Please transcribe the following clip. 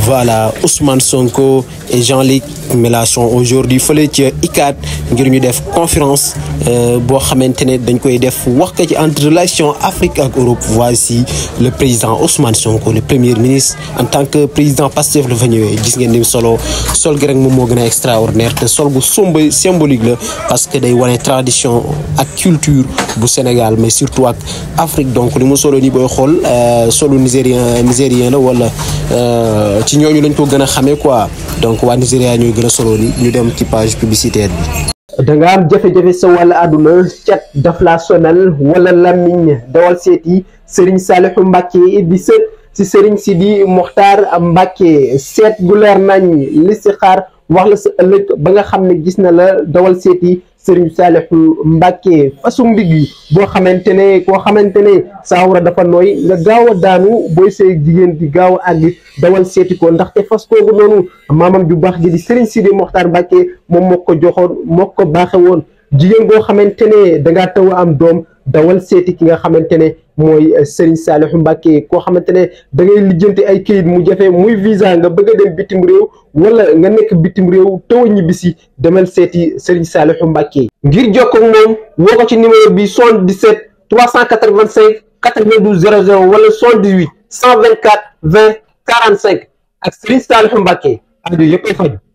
voilà Ousmane Sonko et Jean-Luc Mélenchon aujourd'hui fallait ca ICAT ngir ñu def conférence euh, boo xamante ne dañ koy def wax ka ci entre relation Afrique ak Europe voici le président Ousmane Sonko le premier ministre en tant que président Pastef le fa ñëwee gis ngeen ni solo sol gi rek moom moo gën a extraordinaire te sol bu somb symbolique la parce que day wane tradition ak culture bu Sénégal mais surtout ak Afrique donc li mu solo ni booy xool euh, solo nigérien nigérien la wala euh, ci ñooñu lañ ko gën a xamee quoi donc waa Nigéria ñooy gën a solo ni ñu dem ci page publicitaire bi da nga am jafe-jafe sa wàllu àdduna cat daf laa sonal wala làmmiñ dawal seeti sëriñ Saalihu Mbàkke di sët si sëriñ Sidi Moxtaar Mbàkke seet gu leer nañ li si xaar wax la sa ëllëg ba nga xam ne gis na la dawal seeti sëriñ Saalihu Mbàkke fasu mbig yi boo xamante ne koo xamante ne saa war a dafa nooy nga gaaw a daanu booy say jigéen di gaaw a àgg dawal seeti ko ndaxte fas koogu noonu maamam ju baax gi di sëriñ Sidi Moxtaar Mbàkke moom moo ko joxoon mook ko baaxe woon jigéen boo xamante ne danga taw am doom dawal seeti ki nga xamante ne mooy eh, Serigne Saliou Mbacké koo xamante ne da ngay lijjanti ay kayit mu jafe muy visa nga bëgg a dem bitim réew wala nga nekk bitim réew taw ñibbisi demal seeti Serigne Saliou Mbacké ngir jokkoo ak moom woo ko ci numéro bi 77 385 92 00 wala 78 124 20 45 ak Serigne Saliou Mbacké aju yëpp ay faju